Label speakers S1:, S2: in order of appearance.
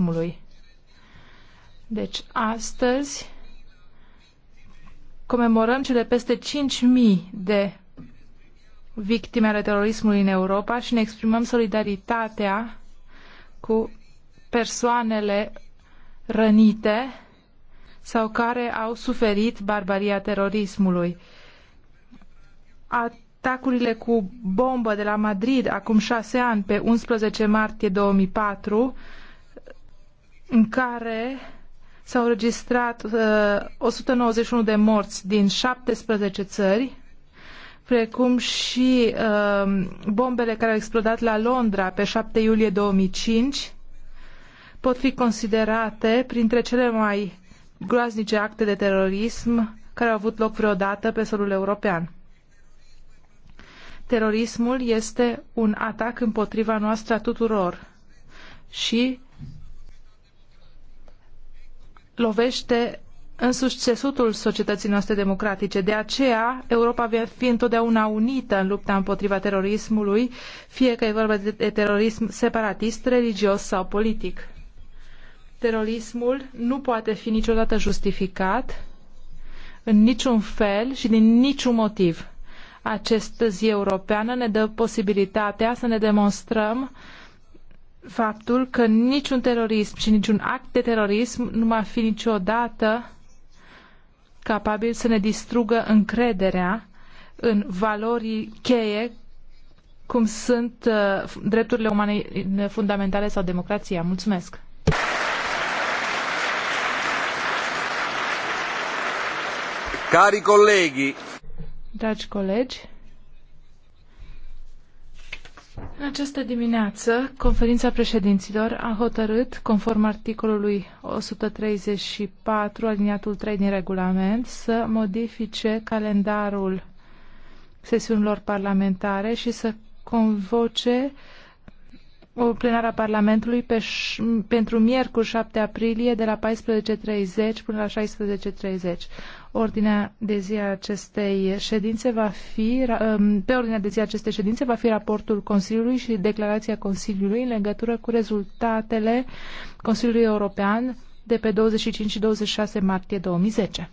S1: ritmului. Deci, astăzi comemorăm cele peste 5.000 de victime ale terorismului în Europa și ne exprimăm solidaritatea cu persoanele rănite sau care au suferit barbaria terorismului. Atacurile cu bombă de la Madrid acum șase ani, pe 11 martie 2004, în care s-au registrat uh, 191 de morți din 17 țări, precum și uh, bombele care au explodat la Londra pe 7 iulie 2005, pot fi considerate printre cele mai groaznice acte de terorism care au avut loc vreodată pe solul european. Terorismul este un atac împotriva noastră a tuturor și lovește însuși țesutul societății noastre democratice. De aceea, Europa va fi întotdeauna unită în lupta împotriva terorismului, fie că e vorba de terorism separatist, religios sau politic. Terorismul nu poate fi niciodată justificat în niciun fel și din niciun motiv. Această zi europeană ne dă posibilitatea să ne demonstrăm uh, faptul că niciun terorism și niciun act de terorism nu va fi niciodată capabil să ne distrugă încrederea în valorii cheie cum sunt uh, drepturile umane fundamentale sau democrația. Mulțumesc! Cari colegi! Dragi colegi! În această dimineață, conferința președinților a hotărât, conform articolului 134, aliniatul 3 din regulament, să modifice calendarul sesiunilor parlamentare și să convoce o plenară a Parlamentului pe, pentru miercuri 7 aprilie de la 14.30 până la 16.30. Ordinea de zi a acestei ședințe va fi, um, pe ordinea de zi a acestei ședințe va fi raportul Consiliului și declarația Consiliului în legătură cu rezultatele Consiliului European de pe 25 și 26 martie 2010.